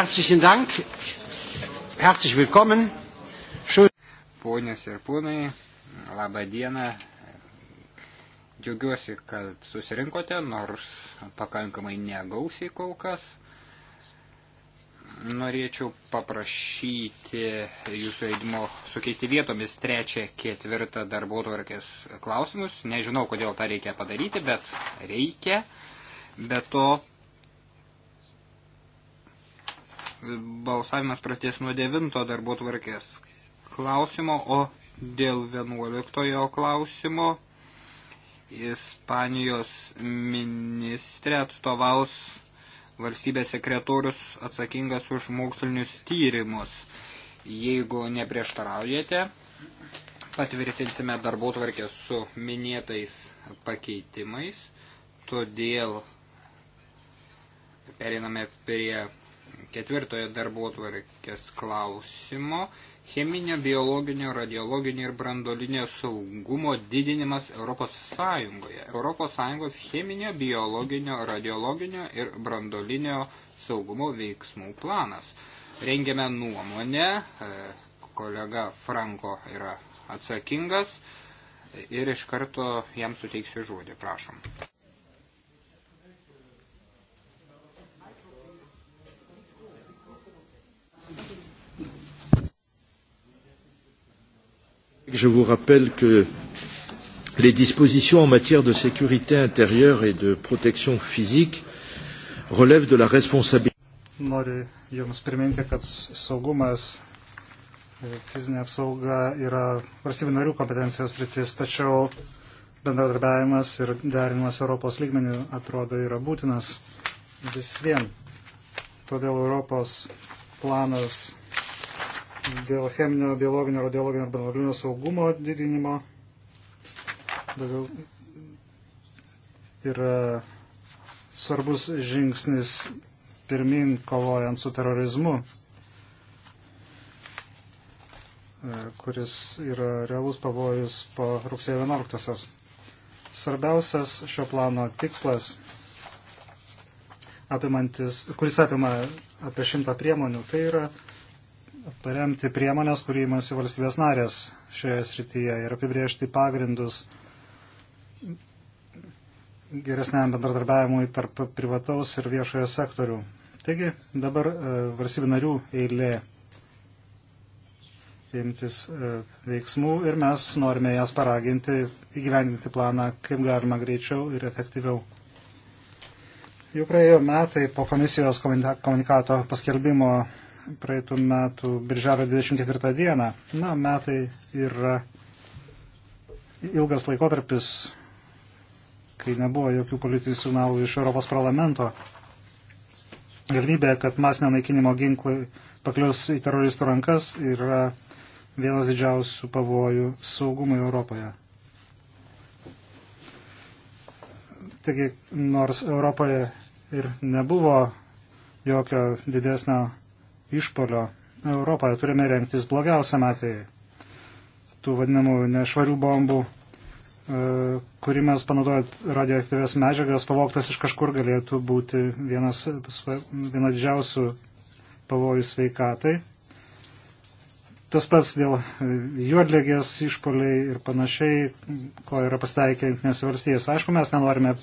Herzlichen Dank. Herzlich willkommen. Schön. Ponios ir ponai, laba diena. Džiaugiuosi, kad susirinkote, nors pakankamai negausiai kol kas. Norėčiau paprašyti jūsų eidimo sukeisti vietomis trečią, ketvirtą darbo tvarkės klausimus. Nežinau, kodėl tą reikia padaryti, bet reikia. Be to, balsavimas praties nuo 9 darbo tvarkės klausimo, o dėl 11 klausimo Ispanijos ministrė atstovaus valstybės sekretorius atsakingas už mokslinius tyrimus. Jeigu neprieštaraujate, patvirtinsime darbo tvarkę su minėtais pakeitimais, todėl periname prie ketvirtojo darbo tvarkės klausimo - cheminio, biologinio, radiologinio ir brandolinio saugumo didinimas Europos Sąjungoje. Europos Sąjungos cheminio, biologinio, radiologinio ir brandolinio saugumo veiksmų planas. Rengiame nuomonę, e, kolega Franko yra atsakingas e, ir iš karto jam suteiksiu žodį, prašom. Je vous rappelle que les dispositions en matière de sécurité intérieure et de protection physique relèvent de la responsabilité. Noriu Jums priminti, kad saugumas, e, fizinė apsauga yra valstybių narių kompetencijos rytis, tačiau bendradarbiavimas ir derinimas Europos lygmenių atrodo yra būtinas vis vien. Todėl Europos planas dėl cheminio, biologinio, radiologinio ir branduolinio saugumo didinimo. Daugiau yra svarbus žingsnis pirmin kovojant su terorizmu, e, kuris yra realus pavojus po rugsėjo 11-osios. Svarbiausias šio plano tikslas apimantis, kuris apima apie šimtą priemonių, tai yra paremti priemonės, kurį imasi valstybės narės šioje srityje ir apibriežti pagrindus geresniam bendradarbiavimui tarp privataus ir viešojo sektorių. Taigi dabar e, valstybių narių eilė imtis e, veiksmų ir mes norime jas paraginti įgyvendinti planą kaip galima greičiau ir efektyviau. Jau praėjo metai po komisijos komunikato paskelbimo praeitų metų birželio 24 dieną. Na, metai yra ilgas laikotarpis, kai nebuvo jokių politinių signalų iš Europos parlamento. Galimybė, kad masinio naikinimo ginklai paklius į teroristų rankas, yra vienas didžiausių pavojų saugumui Europoje. Taigi, nors Europoje ir nebuvo jokio didesnio išpolio Europoje turime renktis blogiausiam atvejai. Tų vadinamų nešvarių bombų, e, kurimas panaudojant radioaktyvės medžiagas, pavoktas iš kažkur galėtų būti vienas, viena didžiausių pavojų sveikatai. Tas pats dėl juodlėgės išpoliai ir panašiai, ko yra pasteikę jungtinės valstijos. Aišku, mes nenorime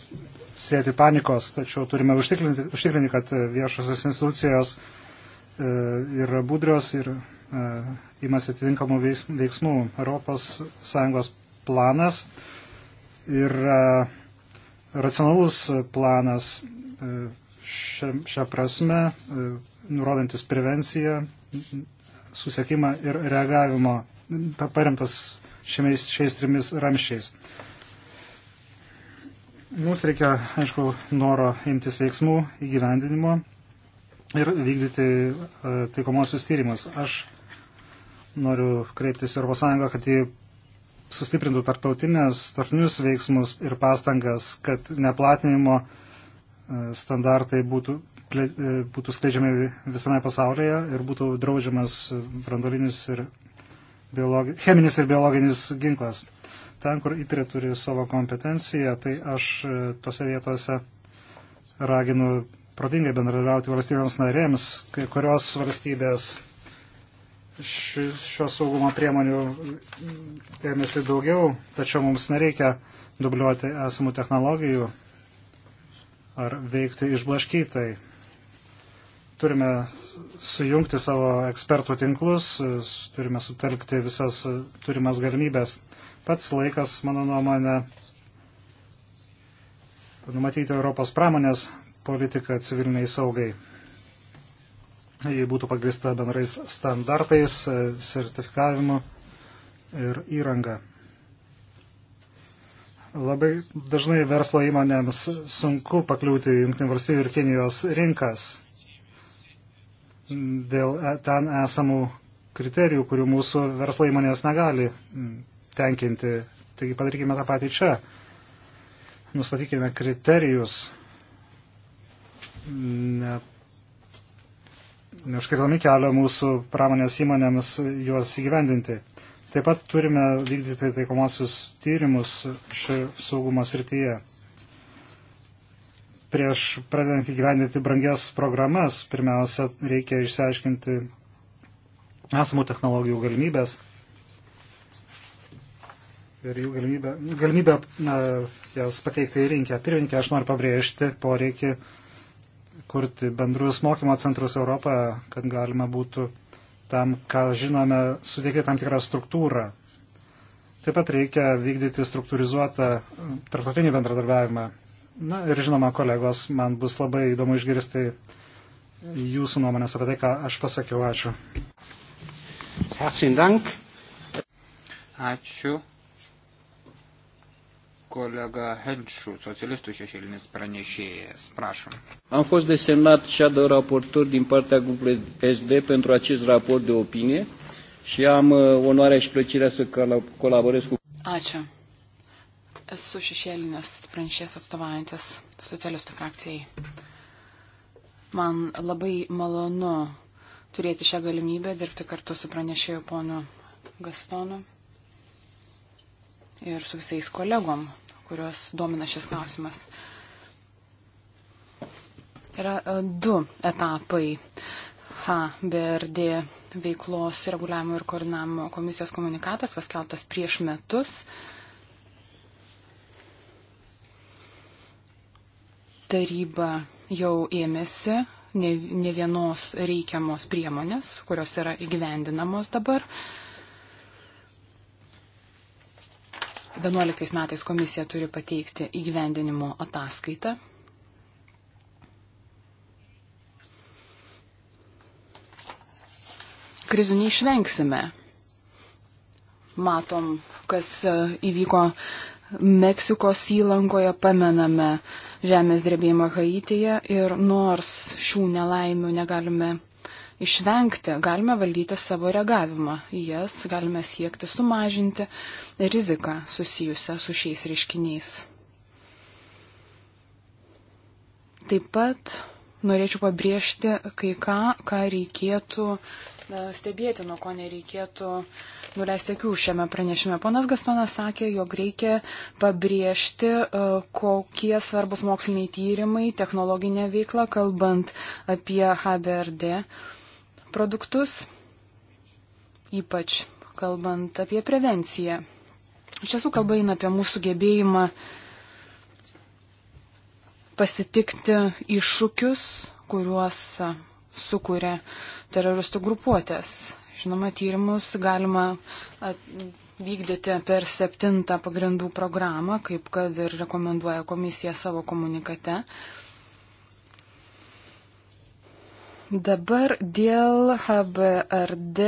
sėti panikos, tačiau turime užtikrinti, užtikrinti kad viešosios institucijos uh, E, yra budrios ir e, imasi atitinkamų veiksmų. ES planas yra racionalus planas e, šią prasme, nurodantis prevenciją, susiekimą ir reagavimo, paremtas šiais, šiais trimis ramščiais. Mums reikia, aišku, noro imtis veiksmų įgyvendinimo ir vykdyti e, taikomosius tyrimus. Aš noriu kreiptis į Europos Sąjungą, kad jį sustiprintų tarptautinės, tarptautinius veiksmus ir pastangas, kad neplatinimo e, standartai būtų, e, būtų skleidžiami visame pasaulyje ir būtų draudžiamas brandolinis ir biologi, cheminis ir biologinis ginklas. Ten, kur ITRE turi savo kompetenciją, tai aš tose vietose raginu protingai bendradarbiauti valstybėms narėms, kai kurios valstybės šios saugumo priemonių ėmėsi daugiau, tačiau mums nereikia dubliuoti esamų technologijų ar veikti išblaškytai. Turime sujungti savo ekspertų tinklus, turime sutelkti visas turimas galimybės. Pats laikas, mano nuomonė, numatyti Europos pramonės politika civiliniai saugai. Jei būtų pagrįsta bendrais standartais, e, sertifikavimu ir įranga. Labai dažnai verslo įmonėms sunku pakliūti Junktinių valstybių ir Kinijos rinkas dėl e, ten esamų kriterijų, kurių mūsų verslo įmonės negali tenkinti. Taigi padarykime tą patį čia. Nustatykime kriterijus ne, neužkirtami kelio mūsų pramonės įmonėms juos įgyvendinti. Taip pat turime vykdyti taikomosius tyrimus šio saugumo srityje. Prieš pradedant įgyvendinti brangias programas, pirmiausia, reikia išsiaiškinti esamų technologijų galimybės ir jų galimybę, galimybę na, jas pateikti į rinkę. Pirminkė, aš noriu pabrėžti poreikį kurti bendrus mokymo centrus Europoje, kad galima būtų tam, ką žinome, suteikti tam tikrą struktūrą. Taip pat reikia vykdyti struktūrizuotą uh, tarptautinį bendradarbiavimą. Na ir žinoma, kolegos, man bus labai įdomu išgirsti jūsų nuomonės apie tai, ką aš pasakiau. Ačiū. Herzlichen Dank. Ačiū kolega Henčių, socialistų šešėlinis pranešėjas. Prašom. Am fost desemnat shadow raportor din partea grupului SD pentru acest raport de opinie și am uh, onoarea și plăcerea să colaborez cu... Ačiū. Esu šešėlinės pranešėjas atstovaujantis socialistų frakcijai. Man labai malonu turėti šią galimybę dirbti kartu su pranešėju ponu Gastonu ir su visais kolegom kurios domina šis klausimas. Yra e, du etapai HBRD veiklos reguliavimo ir koordinavimo komisijos komunikatas paskelbtas prieš metus. Taryba jau ėmėsi ne, ne vienos reikiamos priemonės, kurios yra įgyvendinamos dabar. Uh, 2011 metais komisija turi pateikti įgyvendinimo ataskaitą. Krizų neišvengsime. Matom, kas e, įvyko Meksikos įlankoje, pamename žemės drebėjimą Haityje ir nors šių nelaimių negalime išvengti, galime valdyti savo reagavimą į jas, galime siekti sumažinti riziką susijusią su šiais reiškiniais. Taip pat norėčiau pabrėžti kai ką, ką reikėtų stebėti, nuo ko nereikėtų nuleisti akių šiame pranešime. Ponas Gastonas sakė, jog reikia pabrėžti, e, kokie svarbus moksliniai tyrimai, technologinė veikla, kalbant apie HBRD produktus, ypač kalbant apie prevenciją. Iš tiesų kalba eina apie mūsų gebėjimą pasitikti iššūkius, kuriuos sukuria teroristų grupuotės. Žinoma, tyrimus galima vykdyti per septintą pagrindų programą, kaip kad ir rekomenduoja komisija savo komunikate. Uh, Dabar dėl HBRD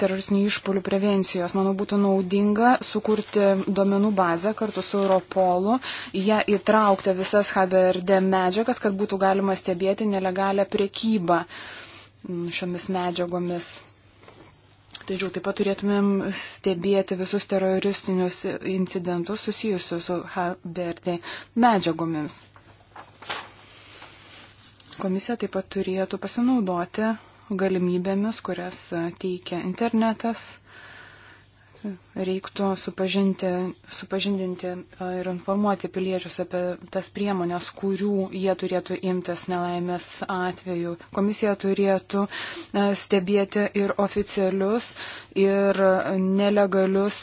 teroristinių išpolių prevencijos, manau, būtų naudinga sukurti duomenų bazę kartu su Europolu, ją įtraukti visas HBRD medžiagas, kad būtų galima stebėti nelegalią priekybą mm, šiomis medžiagomis. Tačiau taip pat turėtumėm stebėti visus teroristinius incidentus susijusius su HBRD medžiagomis. Komisija taip pat turėtų pasinaudoti galimybėmis, kurias teikia internetas reiktų supažindinti ir informuoti piliečius apie tas priemonės, kurių jie turėtų imtis nelaimės atveju. Komisija turėtų stebėti ir oficialius, ir nelegalius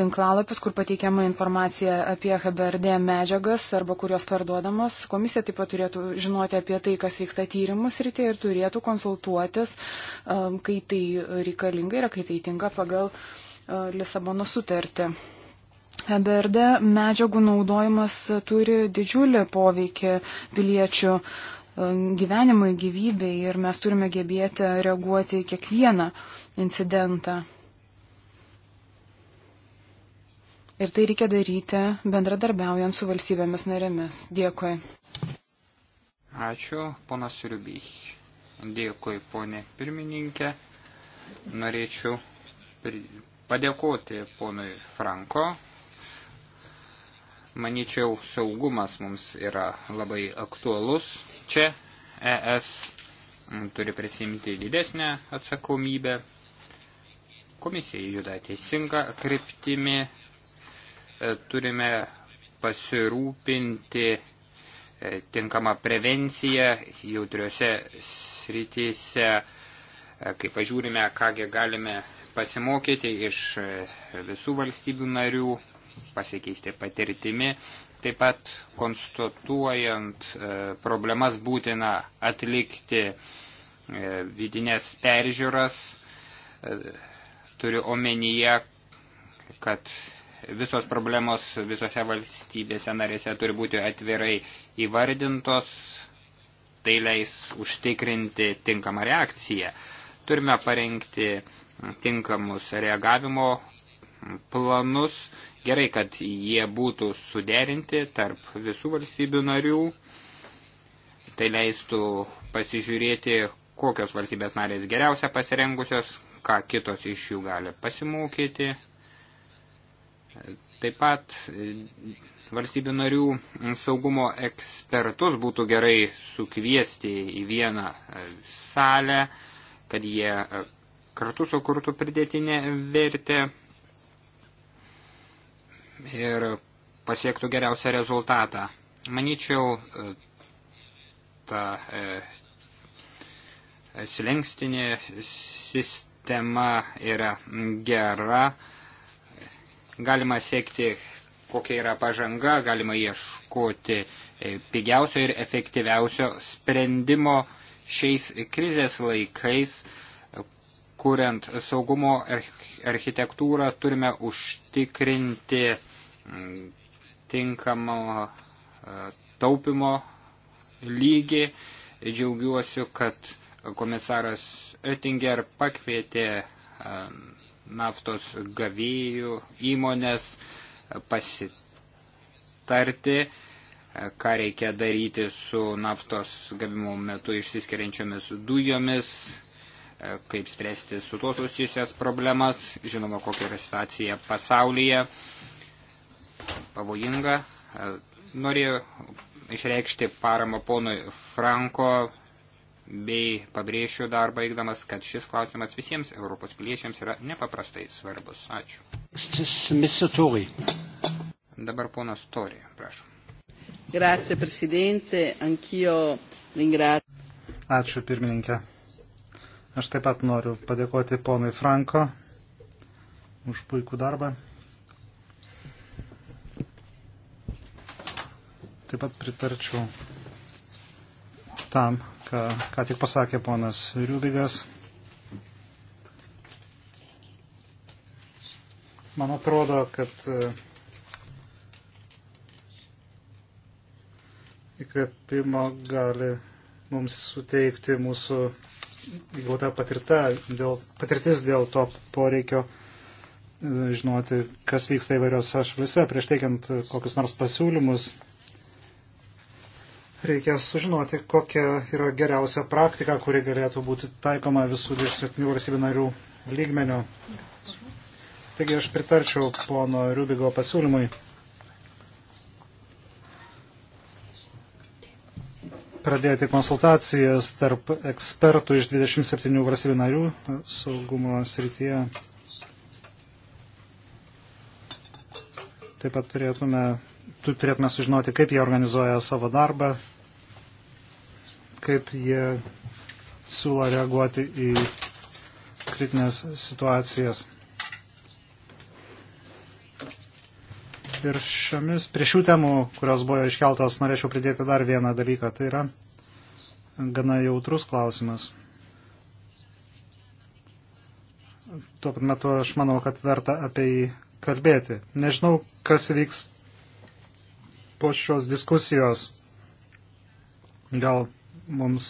tinklalapius, kur pateikiama informacija apie HBRD medžiagas arba kurios parduodamos. Komisija taip pat turėtų žinoti apie tai, kas vyksta tyrimus rytėje ir turėtų konsultuotis, kai tai reikalinga ir kai tai tinka pagal. Thank you E, Lisabono sutartį. E BRD medžiagų naudojimas turi didžiulį poveikį piliečių e, gyvenimui, gyvybei ir mes turime gebėti reaguoti į kiekvieną incidentą. Ir tai reikia daryti bendradarbiaujant su valstybėmis narėmis. Dėkui. Ačiū, ponas Riubych. Dėkui, ponė pirmininkė. Norėčiau padėkoti ponui Franko. Maničiau, saugumas mums yra labai aktualus. Čia ES turi prisimti didesnę atsakomybę. Komisija juda teisinga kryptimi. E, turime pasirūpinti e, tinkamą prevenciją jautriuose srityse E, kai pažiūrime, kągi galime pasimokyti iš e, visų valstybių narių, pasikeisti patirtimi, taip pat konstatuojant e, problemas būtina atlikti vidinės peržiūras, turiu omenyje, kad visos problemos visose valstybėse narėse turi būti atvirai įvardintos, tai leis užtikrinti tinkamą reakciją. Uh, Turime parengti tinkamus reagavimo planus. Gerai, kad jie būtų suderinti tarp visų valstybių narių. Tai leistų pasižiūrėti, kokios valstybės narės geriausia pasirengusios, ką kitos iš jų gali pasimokyti. Taip pat valstybių narių saugumo ekspertus būtų gerai sukviesti į vieną salę, kad jie e, kartu sukurtų pridėtinę vertę ir pasiektų geriausią rezultatą. Manyčiau, e, ta e, slengstinė sistema yra gera, galima siekti, kokia yra pažanga, galima ieškoti pigiausio ir efektyviausio sprendimo, šiais krizės laikais, kuriant saugumo architektūrą, turime užtikrinti mm, tinkamo e, taupimo lygį. Džiaugiuosi, kad komisaras Oettinger pakvietė e, naftos gavėjų įmonės pasitarti E, ką reikia daryti su naftos gavimo metu išsiskiriančiomis dujomis, e, kaip spręsti su tuo susijusias problemas, žinoma, kokia yra situacija pasaulyje, pavojinga. E, Noriu išreikšti paramą ponui Franko bei pabrėšiu dar baigdamas, kad šis klausimas visiems Europos piliečiams yra nepaprastai svarbus. Ačiū. Dabar ponas Tori, prašom. Grazie, Presidente. Anch'io ringrazio. Ačiū, pirmininkė. Aš taip pat noriu padėkoti ponui Franko už puikų darbą. Taip pat pritarčiau tam, ką, ką tik pasakė ponas Riubigas. Man atrodo, kad įkvėpimo gali mums suteikti mūsų įgauta patirta, dėl, patirtis dėl to poreikio e, žinoti, kas vyksta įvairiose šalise. Prieš teikiant kokius nors pasiūlymus, reikia sužinoti, kokia yra geriausia praktika, kuri galėtų būti taikoma visų 27 valstybių narių lygmenių. Taigi aš pritarčiau pono Rubigo pasiūlymui. pradėti konsultacijas tarp ekspertų iš 27 valstybių narių saugumo srityje. Taip pat turėtume, tu turėtume sužinoti, kaip jie organizuoja savo darbą, kaip jie siūlo reaguoti į kritinės situacijas. Ir šiomis, prie šių temų, kurios buvo iškeltos, norėčiau pridėti dar vieną dalyką. Tai yra gana jautrus klausimas. Tuo pat metu aš manau, kad verta apie jį kalbėti. Nežinau, kas vyks po šios diskusijos. Gal mums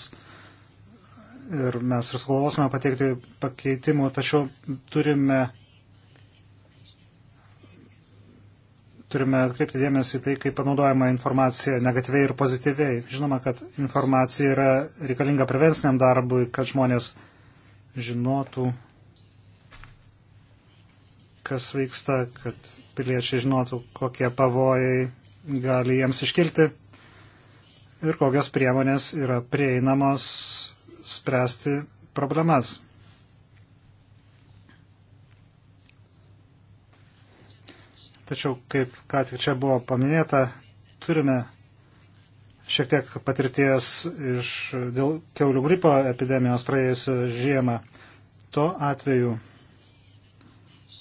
ir mes ir sugalvosime pateikti pakeitimų, tačiau turime turime atkreipti dėmesį tai, kaip panaudojama informacija negatyviai ir pozityviai. Žinoma, kad informacija yra reikalinga prevenciniam darbui, kad žmonės žinotų, kas vyksta, kad piliečiai žinotų, kokie pavojai gali jiems iškilti ir kokios priemonės yra prieinamos spręsti problemas. Tačiau, kaip ką tik čia buvo paminėta, turime šiek tiek patirties iš dėl keulių gripo epidemijos praėjusią žiemą. Tuo atveju,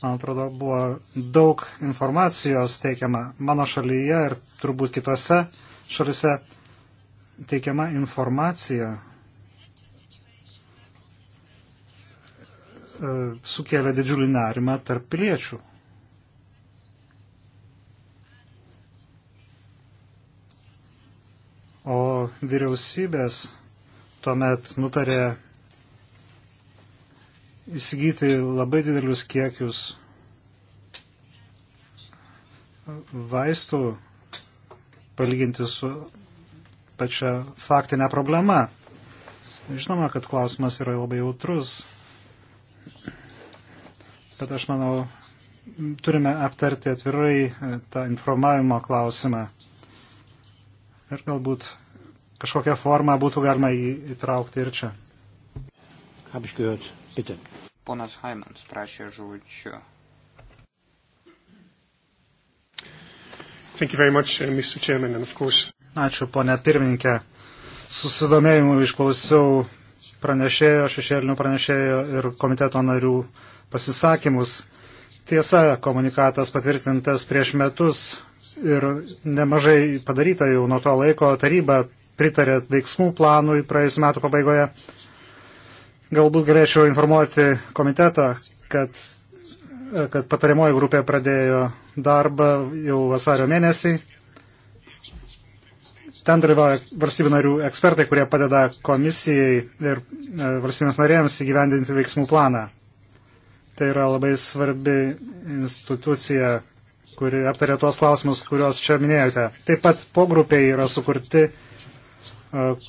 man atrodo, buvo daug informacijos teikiama mano šalyje ir turbūt kitose šalise teikiama informacija e, sukėlė didžiulį nerimą tarp piliečių. o vyriausybės tuomet nutarė įsigyti labai didelius kiekius vaistų palyginti su pačia faktinė problema. Žinoma, kad klausimas yra labai jautrus, bet aš manau, turime aptarti atvirai tą informavimo klausimą. Ir galbūt kažkokią formą būtų galima jį įtraukti ir čia. Apškiuot, bitte. Ponas Haimans prašė žodžiu. Thank you very much, uh, Mr. Chairman, and of course. Ačiū, ponė pirmininkė. Susidomėjimu išklausiau pranešėjo, šešėlinių pranešėjo ir komiteto narių pasisakymus. Tiesa, komunikatas patvirtintas prieš metus ir nemažai padaryta jau nuo to laiko taryba pritarė veiksmų planui praėjusiu metu pabaigoje. Galbūt galėčiau informuoti komitetą, kad, kad patariamoji grupė pradėjo darbą jau vasario mėnesį. Ten dalyvauja valstybių narių ekspertai, kurie padeda komisijai ir e, valstybės narėms įgyvendinti veiksmų planą. Tai yra labai svarbi institucija, kuri aptarė tuos klausimus, kuriuos čia minėjote. Taip pat pogrupiai yra sukurti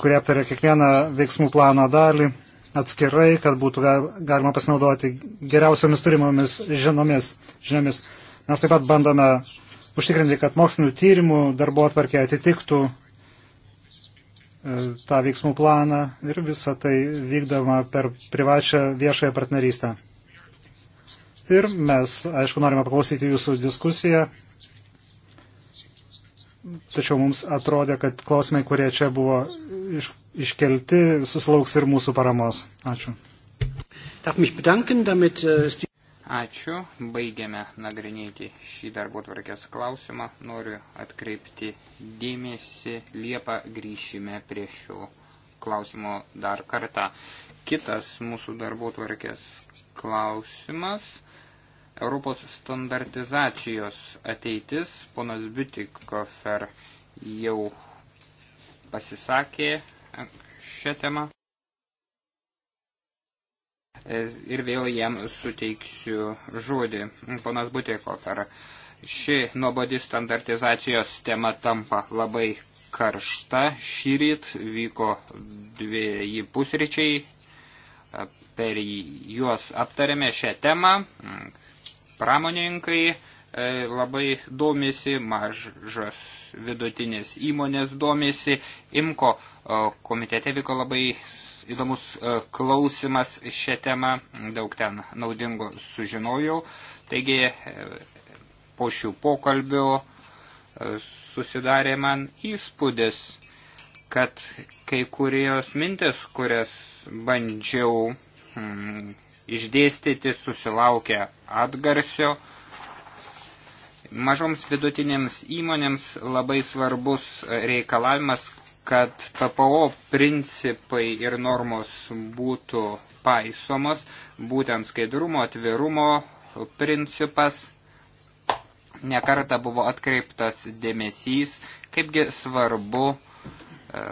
kurie aptarė kiekvieną veiksmų plano dalį atskirai, kad būtų galima pasinaudoti geriausiamis turimomis žinomis. žiniomis. Mes taip pat bandome užtikrinti, kad mokslinių tyrimų darbo atvarkė atitiktų e, tą veiksmų planą ir visą tai vykdama per privačią viešąją partnerystę. Ir mes, aišku, norime paklausyti jūsų diskusiją tačiau mums atrodė, kad klausimai, kurie čia buvo iš, iškelti, susilauks ir mūsų paramos. Ačiū. Äh, Ačiū, baigiame nagrinėti šį darbo tvarkės klausimą. Noriu atkreipti dėmesį, Liepą grįšime prie šio klausimo dar kartą. Kitas mūsų darbo tvarkės klausimas. Europos standartizacijos ateitis, ponas Biutikofer jau pasisakė šią temą. Ir vėl jam suteiksiu žodį. Ponas Butikofer, ši nuobodi standartizacijos tema tampa labai karšta. Šyryt vyko dviejį pusryčiai. Per juos aptarėme šią temą pramoninkai e, labai domisi, mažas vidutinės įmonės domisi. Imko e, komitete vyko labai įdomus e, klausimas šią temą, daug ten naudingo sužinojau. Taigi po šių pokalbių susidarė man įspūdis, kad kai kurios mintis, kurias bandžiau hmm, išdėstyti susilaukia atgarsio. Mažoms vidutinėms įmonėms labai svarbus reikalavimas, kad PPO principai ir normos būtų paisomos, būtent skaidrumo, atvirumo principas. Nekarta buvo atkreiptas dėmesys, kaipgi svarbu e,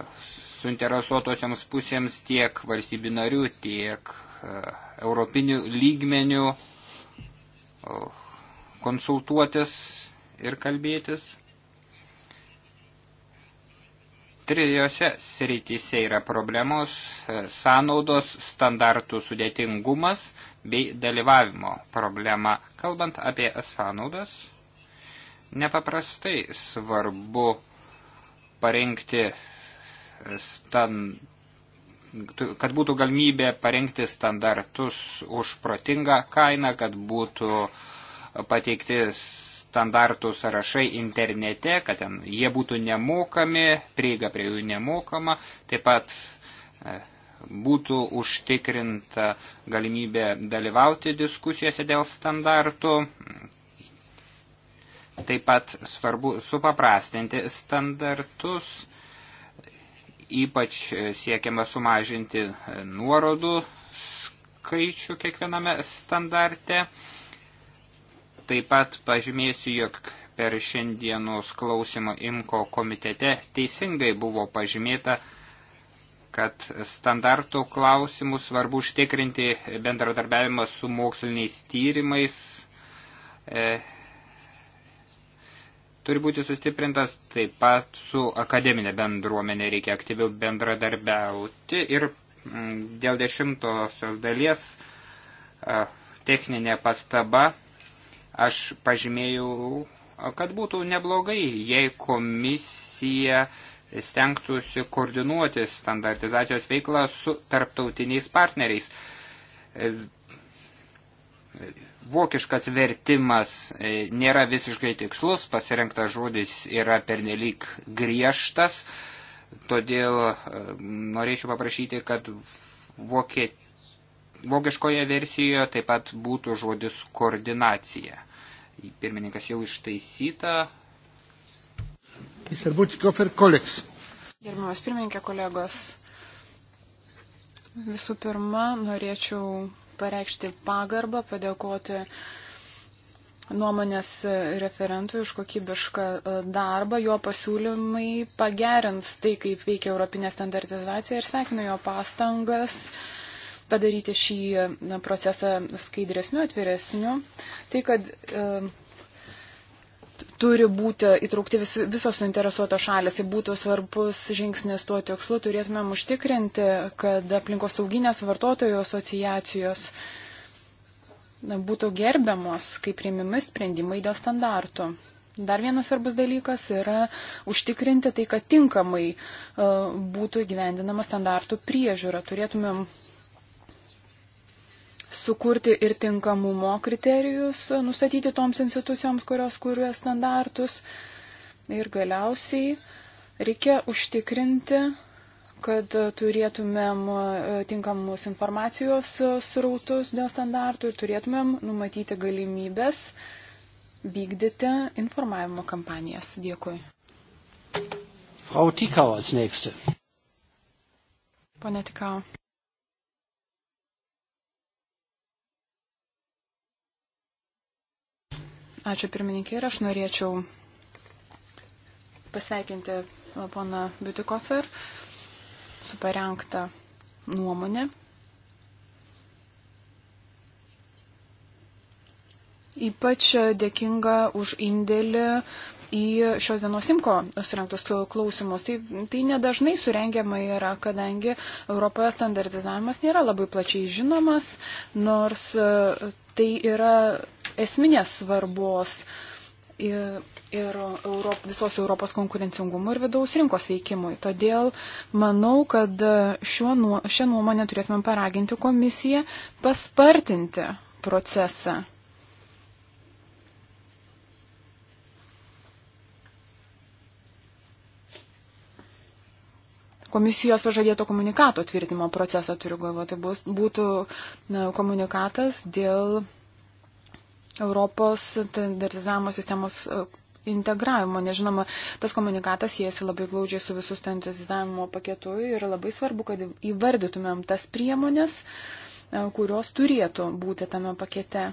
suinteresuotosiams pusėms tiek valstybių narių, tiek E, europinių lygmenių konsultuotis ir kalbėtis. Trijose srityse yra problemos e, – sąnaudos, standartų sudėtingumas bei dalyvavimo problema. Kalbant apie sąnaudas, nepaprastai svarbu parengti stand, kad būtų galimybė parengti standartus už protingą kainą, kad būtų pateikti standartų sąrašai internete, kad ten jie būtų nemokami, prieiga prie jų nemokama, taip pat e, būtų užtikrinta galimybė dalyvauti diskusijose dėl standartų. Taip pat svarbu supaprastinti standartus Ypač e, siekiama sumažinti e, nuorodų skaičių kiekviename standarte. Taip pat pažymėsiu, jog per šiandienos klausimo IMKO komitete teisingai buvo pažymėta, kad standartų klausimų svarbu užtikrinti bendradarbiavimą su moksliniais tyrimais, e, turi būti sustiprintas, taip pat su akademinė bendruomenė reikia aktyviau bendradarbiauti ir mm, dėl dešimtosios dalies techninė pastaba aš pažymėjau, kad būtų neblogai, jei komisija stengtųsi koordinuoti standartizacijos veiklą su tarptautiniais partneriais vokiškas vertimas e, nėra visiškai tikslus, pasirinktas žodis yra pernelyg griežtas, todėl e, norėčiau paprašyti, kad vokie, vokiškoje versijoje taip pat būtų žodis koordinacija. Pirmininkas jau ištaisyta. Gerbiamas pirmininkė kolegos, visų pirma, norėčiau pareikšti pagarbą, padėkoti nuomonės referentui už kokybišką e, darbą. Jo pasiūlymai pagerins tai, kaip veikia Europinė standartizacija ir sveikinu jo pastangas padaryti šį e, procesą skaidresniu, atviresniu. Tai, kad e, turi būti įtraukti vis, visos suinteresuotos šalės. Tai būtų svarbus žingsnis tuo tikslu. Turėtumėm užtikrinti, kad aplinkos sauginės vartotojų asociacijos būtų gerbiamos, kaip priimimi sprendimai dėl standartų. Dar vienas svarbus dalykas yra užtikrinti tai, kad tinkamai e, būtų gyvendinama standartų priežiūra. Turėtumėm sukurti ir tinkamumo kriterijus, nustatyti toms institucijoms, kurios kūrė standartus. Ir galiausiai reikia užtikrinti, kad turėtumėm e, tinkamus informacijos srautus dėl standartų ir turėtumėm numatyti galimybės vykdyti informavimo kampanijas. Dėkui. Frau Tikau als nächste. Pane Tikau. Ačiū pirmininkė ir aš norėčiau pasveikinti poną Biutikofer su parengta nuomonė. Ypač dėkinga už indėlį į šios dienos simko surinktus klausimus. Tai, tai nedažnai surengiama yra, kadangi Europoje standartizavimas nėra labai plačiai žinomas, nors e, tai yra esminės svarbos ir, ir Europ, visos Europos konkurencingumui ir vidaus rinkos veikimui. Todėl manau, kad šiuo, šią nuomonę turėtume paraginti komisiją paspartinti procesą. Komisijos pažadėto komunikato tvirtimo procesą turiu galvoje. Tai bus, būtų na, komunikatas dėl Europos standartizavimo sistemos e, integravimo, nes žinoma, tas komunikatas jėsi labai glaudžiai su visų standartizavimo paketu ir labai svarbu, kad įvardytumėm tas priemonės, e, kurios turėtų būti tame pakete.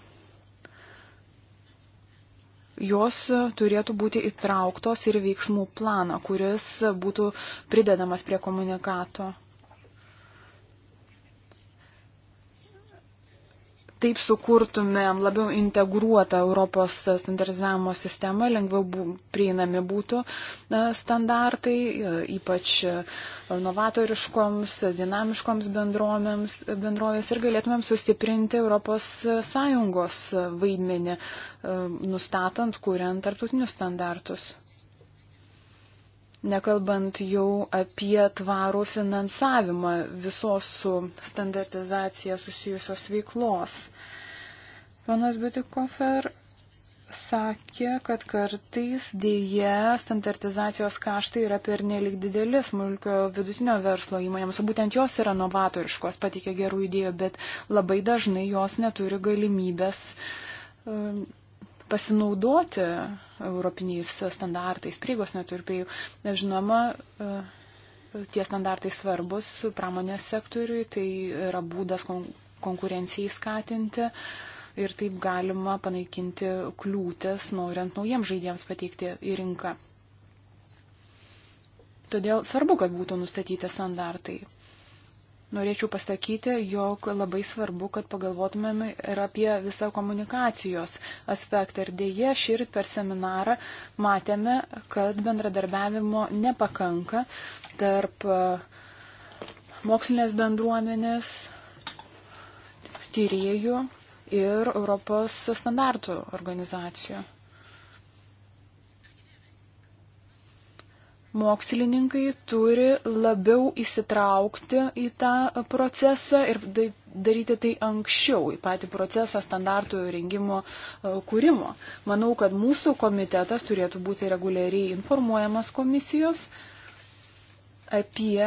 Jos turėtų būti įtrauktos ir veiksmų planą, kuris būtų pridedamas prie komunikato. taip sukurtumėm labiau integruotą Europos standartizavimo sistemą, lengviau bū, prieinami būtų standartai, e, ypač e, novatoriškoms, dinamiškoms bendrovės ir galėtumėm sustiprinti ES vaidmenį, e, nustatant, kuriant tarptautinius standartus nekalbant jau apie tvarų finansavimą visos su standartizacija susijusios veiklos. Ponas Butikofer sakė, kad kartais dėje standartizacijos kaštai yra pernelik dideli smulkio vidutinio verslo įmonėms. Būtent jos yra novatoriškos, pateikia gerų idėjų, bet labai dažnai jos neturi galimybės um, pasinaudoti europiniais standartais, prieigos neturi prieigų. Žinoma, e, tie standartai svarbus pramonės sektoriui, tai yra būdas konkurencijai skatinti ir taip galima panaikinti kliūtis, norint naujiems žaidėjams pateikti į rinką. Todėl svarbu, kad būtų nustatyti standartai norėčiau pasakyti, jog labai svarbu, kad pagalvotumėm ir apie visą komunikacijos aspektą. Ir dėje širit per seminarą matėme, kad bendradarbiavimo nepakanka tarp uh, mokslinės bendruomenės, tyriejų ir Europos standartų organizacijų. mokslininkai turi labiau įsitraukti į tą procesą ir daryti tai anksčiau, į patį procesą standartų rengimo e, kūrimo. Manau, kad mūsų komitetas turėtų būti reguliariai informuojamas komisijos apie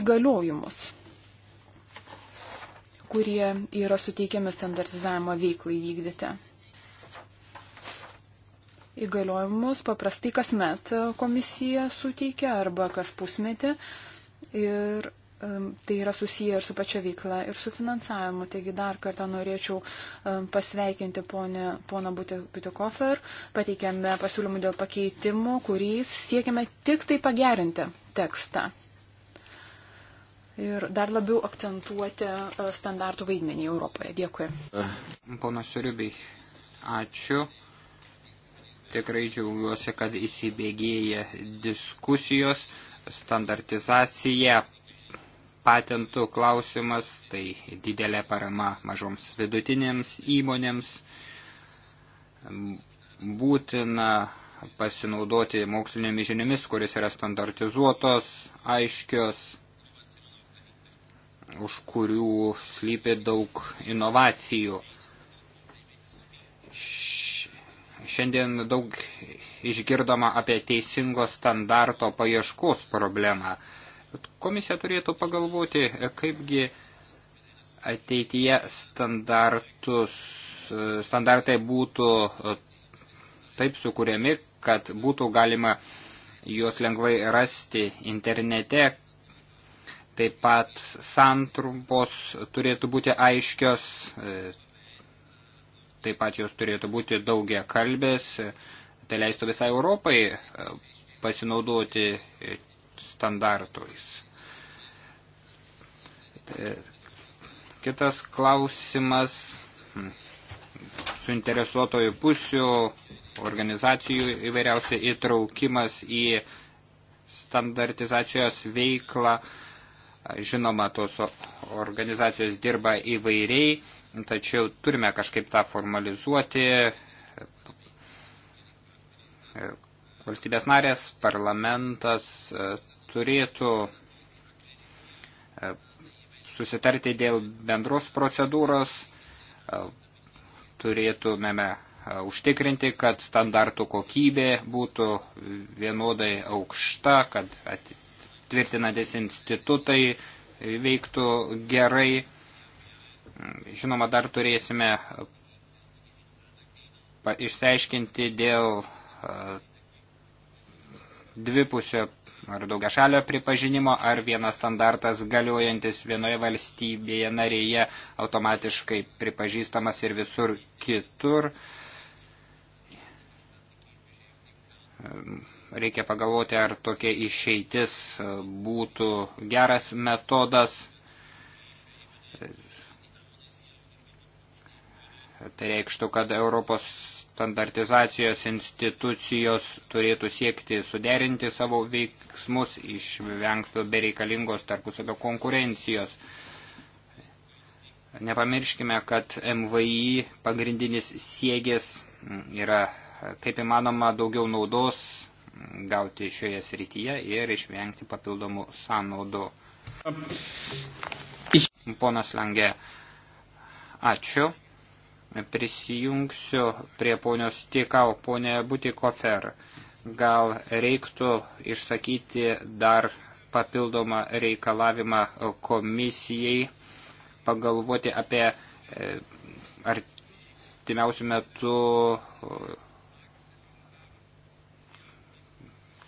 įgaliojimus kurie yra suteikiami standartizavimo veiklai vykdyti įgaliojimus paprastai kasmet komisija suteikia arba kas pusmetį. Ir um, tai yra susiję ir su pačia veikla, ir su finansavimu. Taigi dar kartą norėčiau um, pasveikinti ponę, poną Butikofer. Pateikėme pasiūlymų dėl pakeitimų, kuriais siekiame tik tai pagerinti tekstą. Ir dar labiau akcentuoti e, standartų vaidmenį Europoje. Dėkui. Ponas Riubiai, ačiū. Tikrai džiaugiuosi, kad įsibėgėja diskusijos, standartizacija, patentų klausimas, tai didelė parama mažoms vidutinėms įmonėms. Būtina pasinaudoti mokslinėmis žiniomis, kuris yra standartizuotos, aiškios, už kurių slypi daug inovacijų. Šiandien daug išgirdoma apie teisingo standarto paieškos problemą. Komisija turėtų pagalvoti, kaipgi ateityje standartus, standartai būtų taip sukūrėmi, kad būtų galima juos lengvai rasti internete. Taip pat santrumpos turėtų būti aiškios, taip pat jos turėtų būti daugia kalbės, tai leistų visai Europai e, pasinaudoti e, standartais. E, kitas klausimas hm, suinteresuotojų pusių, organizacijų įvairiausiai įtraukimas į standartizacijos veiklą. Žinoma, tos organizacijos dirba įvairiai, tačiau turime kažkaip tą formalizuoti. Valstybės narės, parlamentas e, turėtų e, susitarti dėl bendros procedūros, e, turėtumėme užtikrinti, kad standartų kokybė būtų vienodai aukšta, kad tvirtinantis institutai veiktų gerai Žinoma, dar turėsime išsiaiškinti dėl dvipusio ar daugiašalio pripažinimo, ar vienas standartas galiojantis vienoje valstybėje narėje automatiškai pripažįstamas ir visur kitur. Reikia pagalvoti, ar tokia išeitis būtų geras metodas. Tai reikštų, kad Europos standartizacijos institucijos turėtų siekti suderinti savo veiksmus, išvengtų bereikalingos tarpusavio konkurencijos. Nepamirškime, kad MVI pagrindinis siekis yra kaip įmanoma daugiau naudos gauti šioje srityje ir išvengti papildomų sąnaudų. Ponas Lange, ačiū prisijungsiu prie ponios Tikau, ponė Butikofer. Gal reiktų išsakyti dar papildomą reikalavimą komisijai pagalvoti apie e, artimiausių metų e,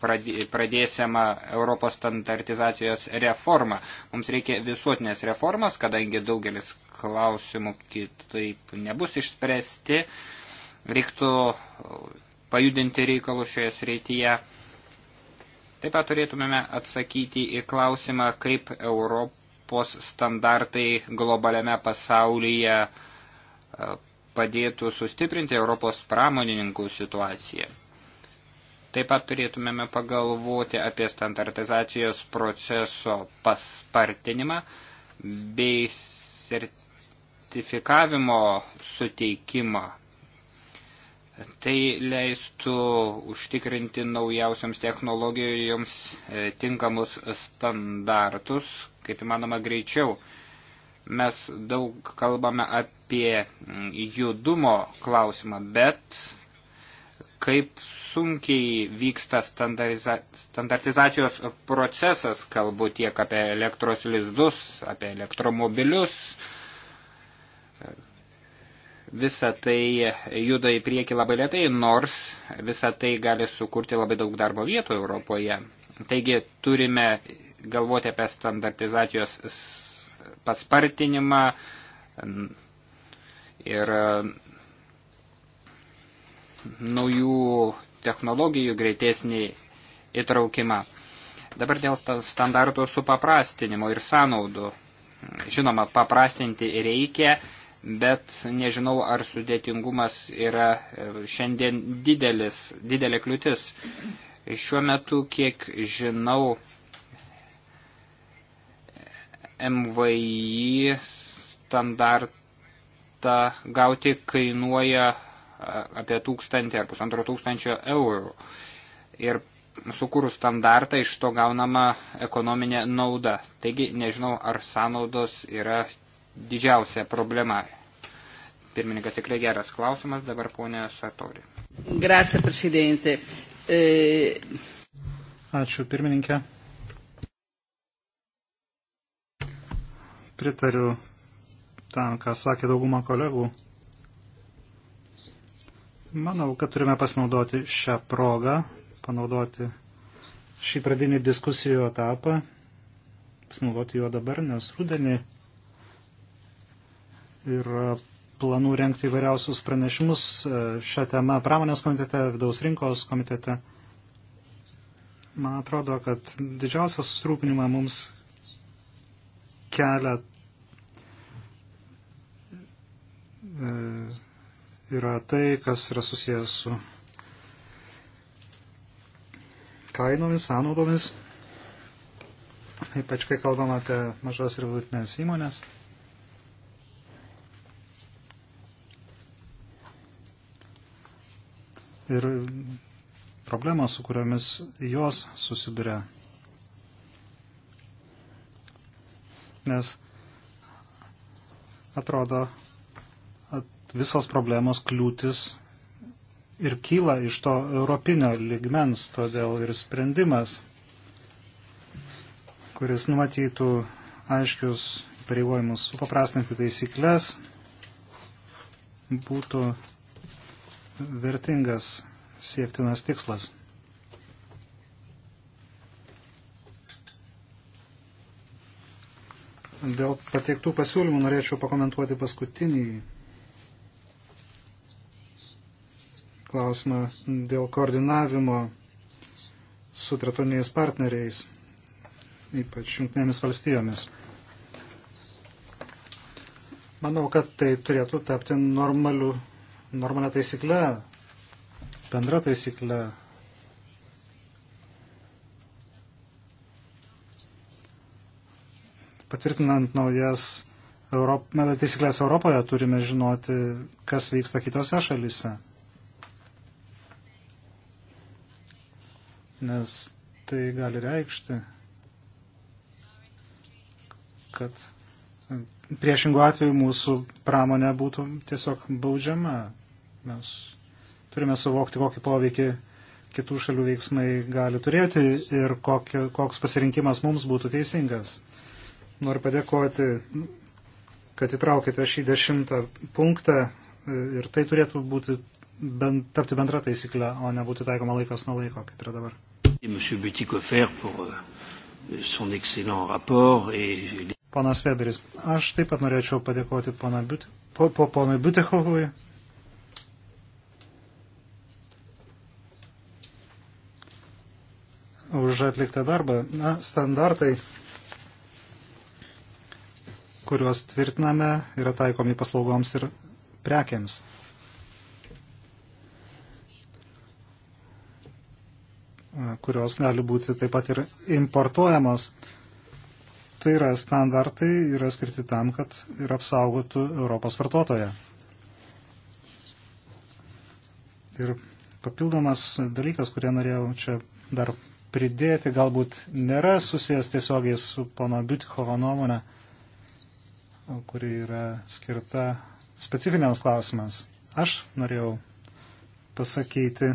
pradėsiama Europos standartizacijos reforma. Mums reikia visuotinės reformas, kadangi daugelis klausimų kitaip nebus išspręsti. Reiktų e, pajudinti reikalų šioje srityje. Taip pat turėtumėme atsakyti į klausimą, kaip Europos standartai globaliame pasaulyje e, padėtų sustiprinti Europos pramonininkų situaciją. Taip pat turėtumėme pagalvoti apie standartizacijos proceso paspartinimą bei sertifikaciją sertifikavimo suteikimą. Tai leistų užtikrinti naujausiams technologijoms e, tinkamus standartus, kaip įmanoma greičiau. Mes daug kalbame apie judumo klausimą, bet kaip sunkiai vyksta standariza standartizacijos procesas, kalbu tiek apie elektros lizdus, apie elektromobilius, visa tai juda į priekį labai lietai, nors visa tai gali sukurti labai daug darbo vietų Europoje. Taigi turime galvoti apie standartizacijos paspartinimą ir naujų technologijų greitesnį įtraukimą. Dabar dėl standartų supaprastinimo ir sąnaudų. Žinoma, paprastinti reikia, bet nežinau, ar sudėtingumas yra e, šiandien didelis, didelė kliūtis. Šiuo metu, kiek žinau, MVI standartą gauti kainuoja e, apie tūkstantį ar pusantro tūkstančio eurų. Ir sukūrus standartą iš to gaunama ekonominė nauda. Taigi nežinau, ar sąnaudos yra didžiausia problema? Pirmininkas tikrai geras klausimas, dabar ponė Satori. Grazie, prezidente. E... Ačiū, pirmininkė. Pritariu tam, ką sakė dauguma kolegų. Manau, kad turime pasinaudoti šią progą, panaudoti šį pradinį diskusijų etapą, pasinaudoti juo dabar, nes rudenį yra planų renkti įvairiausius pranešimus e, šią temą pramonės komitete, vidaus rinkos komitete. Man atrodo, kad didžiausias susirūpinimą mums kelia e, yra tai, kas yra susijęs su kainomis, sąnaudomis, ypač kai kalbam apie mažas ir vidutinės įmonės. ir problemos, su kuriomis jos susiduria. Nes atrodo, at visos problemos kliūtis ir kyla iš to europinio ligmens, todėl ir sprendimas, kuris numatytų aiškius pareigojimus supaprastinti taisyklės, būtų vertingas siektinas tikslas. Dėl pateiktų pasiūlymų norėčiau pakomentuoti paskutinį klausimą dėl koordinavimo su tratoniais partneriais, ypač jungtinėmis valstijomis. Manau, kad tai turėtų tapti normaliu normalia taisykle, bendra taisykle. Patvirtinant naujas Europ... taisyklės Europoje, turime žinoti, kas vyksta kitose šalyse. Nes tai gali reikšti, kad priešingų atveju mūsų pramonė būtų tiesiog baudžiama. Mes turime suvokti, kokį poveikį kitų šalių veiksmai gali turėti ir kokie, koks pasirinkimas mums būtų teisingas. Noriu padėkoti, kad įtraukite šį dešimtą punktą e, ir tai turėtų būti bent, tapti bendra taisyklė, o nebūti taikoma laikas nuo laiko, kaip yra dabar. Euh, Ponas Weberis, aš taip pat norėčiau padėkoti ponui Butekovui po, po, už atliktą darbą. Na, standartai, kuriuos tvirtiname, yra taikomi paslaugoms ir prekiams. kurios gali būti taip pat ir importuojamos. Tai yra standartai, yra skirti tam, kad ir apsaugotų Europos vartotoje. Ir papildomas dalykas, kurį norėjau čia dar pridėti galbūt nėra susijęs tiesiogiai su pono Bitkovo nuomonė, kuri yra skirta specifiniams klausimams. Aš norėjau pasakyti,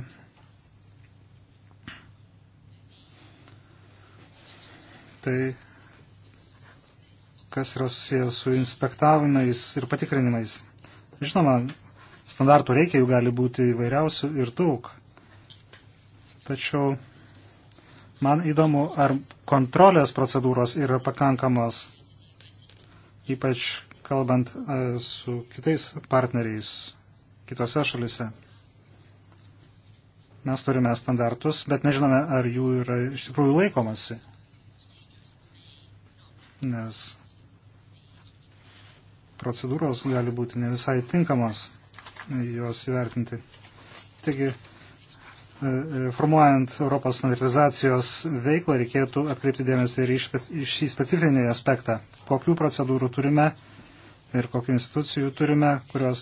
tai kas yra susijęs su inspektavimais ir patikrinimais. Žinoma, standartų reikia, jų gali būti įvairiausių ir daug. Tačiau Man įdomu, ar kontrolės procedūros yra pakankamos, ypač kalbant e, su kitais partneriais kitose šalise. Mes turime standartus, bet nežinome, ar jų yra iš tikrųjų laikomasi. Nes procedūros gali būti ne visai tinkamos juos įvertinti. Taigi, E, formuojant Europos standartizacijos veiklą reikėtų atkreipti dėmesį ir į šį specifinį aspektą, kokių procedūrų turime ir kokių institucijų turime, kurios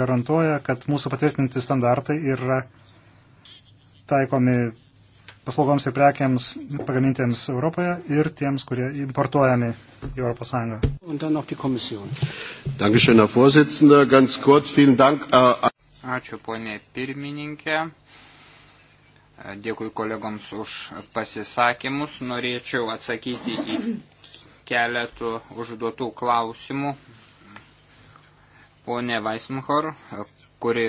garantuoja, kad mūsų patvirtinti standartai yra taikomi paslaugoms ir prekiams pagamintiems Europoje ir tiems, kurie importuojami į Europos Sąjungą. Dankeschön, Herr Vorsitzender. Ganz kurz, vielen Dank. Uh, Ačiū ponė pirmininkė. Dėkui kolegoms už pasisakymus. Norėčiau atsakyti į keletų užduotų klausimų. Pone Weissenhor, kuri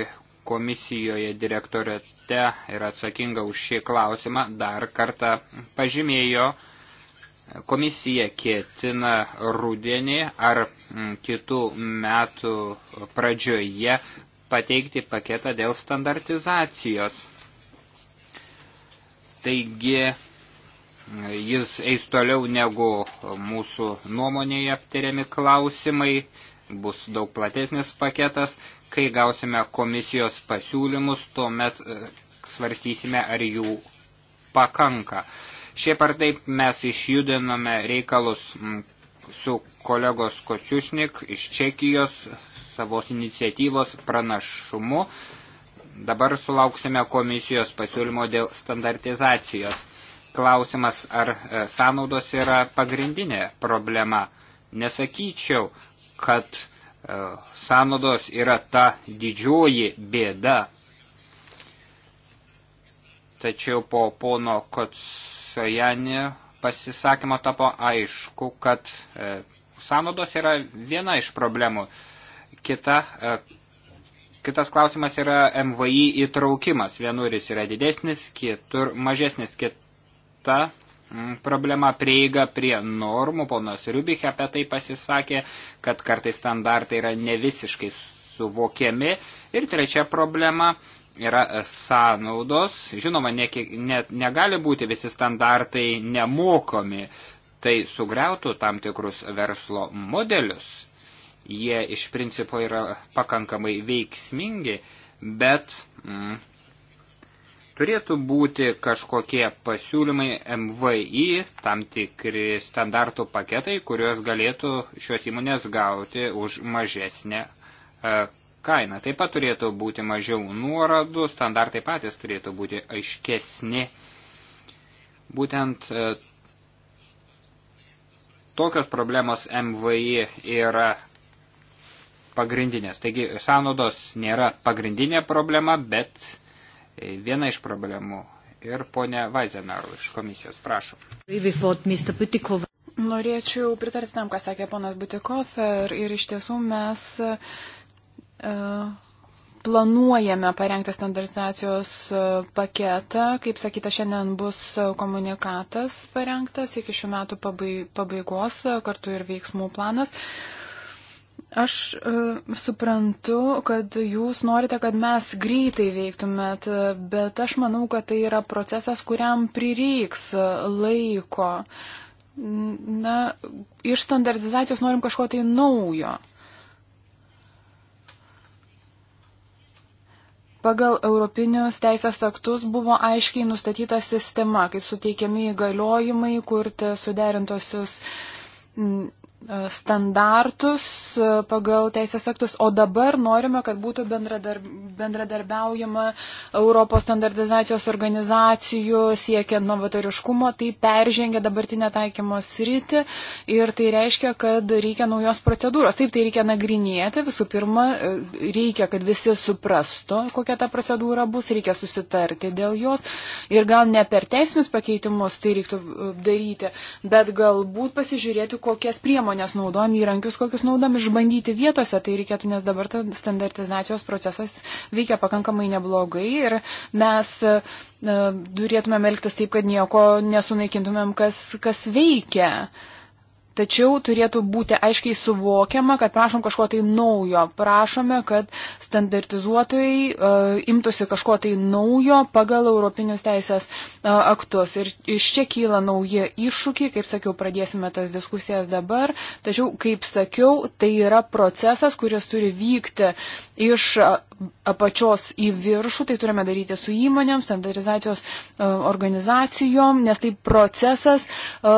komisijoje direktorėte yra atsakinga už šį klausimą, dar kartą pažymėjo, komisija ketina rudenį ar kitų metų pradžioje pateikti paketą dėl standartizacijos. Taigi, jis eis toliau negu mūsų nuomonėje aptariami klausimai, bus daug platesnis paketas. Kai gausime komisijos pasiūlymus, tuomet e, svarstysime, ar jų pakanka. Šiaip ar taip mes išjudiname reikalus su kolegos Kočiušnik iš Čekijos savos iniciatyvos pranašumu. Dabar sulauksime komisijos pasiūlymo dėl standartizacijos. Klausimas, ar e, sąnaudos yra pagrindinė problema. Nesakyčiau, kad e, sąnaudos yra ta didžioji bėda. Tačiau po pono Kotsojani pasisakymo tapo aišku, kad e, sąnaudos yra viena iš problemų. Kita, e, kitas klausimas yra MVI įtraukimas. Vienur jis yra didesnis, kitur mažesnis. Kita mm, problema prieiga prie normų. Ponas Riubik apie tai pasisakė, kad kartais standartai yra nevisiškai suvokiami. Ir trečia problema yra e, sąnaudos. Žinoma, ne, ne, negali būti visi standartai nemokomi. Tai sugriautų tam tikrus verslo modelius jie iš principo yra pakankamai veiksmingi, bet mm, turėtų būti kažkokie pasiūlymai MVI, tam tikri standartų paketai, kuriuos galėtų šios įmonės gauti už mažesnę e, kainą. Taip pat turėtų būti mažiau nuorodų, standartai patys turėtų būti aiškesni. Būtent e, tokios problemos MVI yra pagrindinės. Taigi sąnaudos nėra pagrindinė problema, bet e, viena iš problemų. Ir ponė Vaizenaru iš komisijos, prašom. Norėčiau pritarti tam, ką sakė ponas Butikofer ir iš tiesų mes e, planuojame parengti standartizacijos e, paketą. Kaip sakyta, šiandien bus komunikatas parengtas iki šių metų pabaigos, kartu ir veiksmų planas. Uh, Aš e, suprantu, kad jūs norite, kad mes greitai veiktumėt, bet aš manau, kad tai yra procesas, kuriam prireiks e, laiko. Na, iš standartizacijos norim kažko tai naujo. Pagal europinius teisės aktus buvo aiškiai nustatyta sistema, kaip suteikiami įgaliojimai kurti suderintosius standartus e, pagal teisės aktus, o dabar norime, kad būtų bendradarb, bendradarbiaujama Europos standartizacijos organizacijų siekiant novatoriškumo, tai peržengia dabartinę taikymo sritį ir tai reiškia, kad reikia naujos procedūros. Taip, tai reikia nagrinėti, visų pirma, e, reikia, kad visi suprastų, kokia ta procedūra bus, reikia susitarti dėl jos ir gal ne per teisinius pakeitimus tai reiktų e, daryti, bet galbūt pasižiūrėti, kokias priemonės priemonės naudojam, įrankius, kokius naudojam, išbandyti vietose, tai reikėtų, nes dabar tas standartizacijos procesas veikia pakankamai neblogai ir mes turėtumėm e, elgtis taip, kad nieko nesunaikintumėm, kas, kas veikia. Uh, Tačiau turėtų būti aiškiai suvokiama, kad prašom kažko tai naujo. Prašome, kad standartizuotojai uh, imtųsi kažko tai naujo pagal Europinius teisės uh, aktus. Ir iš čia kyla nauji iššūkiai. Kaip sakiau, pradėsime tas diskusijas dabar. Tačiau, kaip sakiau, tai yra procesas, kuris turi vykti iš. Uh, apačios į viršų, tai turime daryti su įmonėm, standartizacijos e, organizacijom, nes tai procesas, e,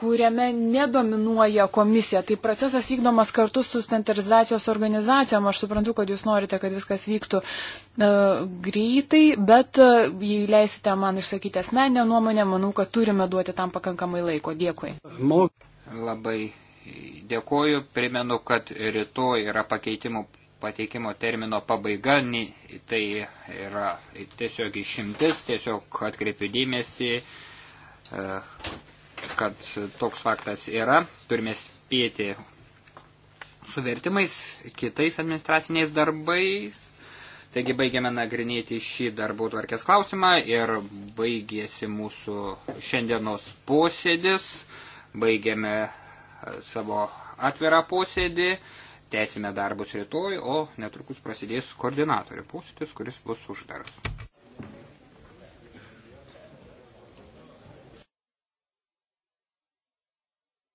kuriame nedominuoja komisija. Tai procesas vykdomas kartu su standartizacijos organizacijom. Aš suprantu, kad jūs norite, kad viskas vyktų e, greitai, bet jei leisite man išsakyti asmenę nuomonę, manau, kad turime duoti tam pakankamai laiko. Dėkui. Labai dėkoju. Primenu, kad rytoj yra pakeitimų pateikimo termino pabaiga, tai yra tiesiog išimtis, tiesiog atkreipiu dėmesį, e, kad toks faktas yra, turime spėti su vertimais, kitais administraciniais darbais. Taigi baigiame nagrinėti šį darbų tvarkės klausimą ir baigėsi mūsų šiandienos posėdis, baigėme savo atvirą posėdį. Tęsime darbus rytoj, o netrukus prasidės koordinatorių posėdis, kuris bus uždaras.